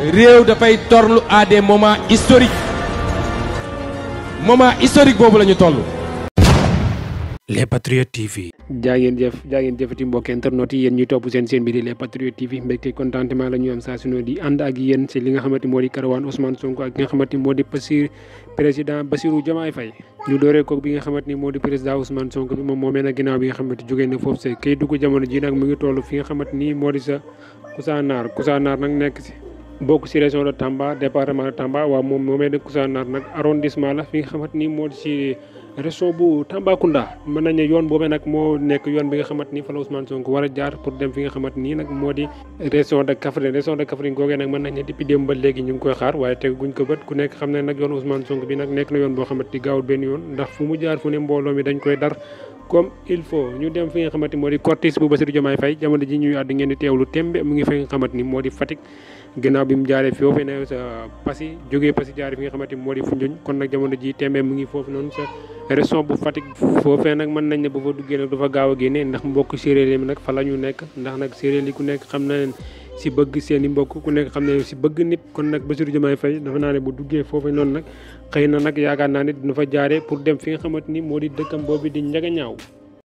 réew dafay torlu à des moments historiques moment historique boobu la ñu toll. Les Patriotes TV. jaa ngeen jëf am saa su di ànd ak yéen ci li nga xamante moo di karawaan Ousmane Sonko ak li nga xamante moo di pasir président Bassirou Diomaye Faye ñu dooree bi nga xamante ni moo di président Ousmane Sonko bi moom moomee na ginnaaw bi nga xamante jógee na foofu see kay dugg jamono ji nag mu ngi toll fi nga xamante ni moo di sa Kousanaar Kousanaar nag nekk ci. bokk ci région de Tamba département de Tamba waaw moom moomee de Koussanar nag arrondissement la fi nga xamante ni moo ci région bu Tambacounda mën nañ ne yoon boobee nag moo nekk yoon bi nga xamante ni fa la Ousmane Sonko war a jaar pour dem fi nga xamante ni nag moo di région de Kaffrine région de Kaffrine googee nag mën nañ ne depuis démb ba léegi ñu ngi koy xaar waaye teg guñ ko ku nekk xam ne nag yoon Ousmane Sonko bi nekk na yoon boo xamante ni gaawul benn yoon ndax fu mu jaar fu ne koy dar comme il faut ñu dem fi nga xamante ni moo di cortège bu Bassirou Diomaye Faye jamono ji ñuy àdd ngeen di teewlu tembe mu ngi fi nga xamante ni moo di Fatick gannaaw bi mu jaaree foofu ne Passy jógee Passy jaaree fi nga xamante moo di Foundiougne kon nag jamono ji tembe mu ngi foofu noonu sa région bu Fatick foofee nag mën nañ ne bu fa duggee nag du fa gaaw a génne ndax mbokk séeréer yi nag fa la ñu nekk ndax nag séeréer yi ku nekk xam na leen si bëgg seeni mbokk ku nekk xam ne si bëgg nit kon nag si Diomaye Faye dafa naa ne bu duggee foofu noonu nag xëy na nag yaakaar naa ne dina fa jaare pour dem fi nga xamante ni moo di dëkkam boobu di Ndiaga Niaw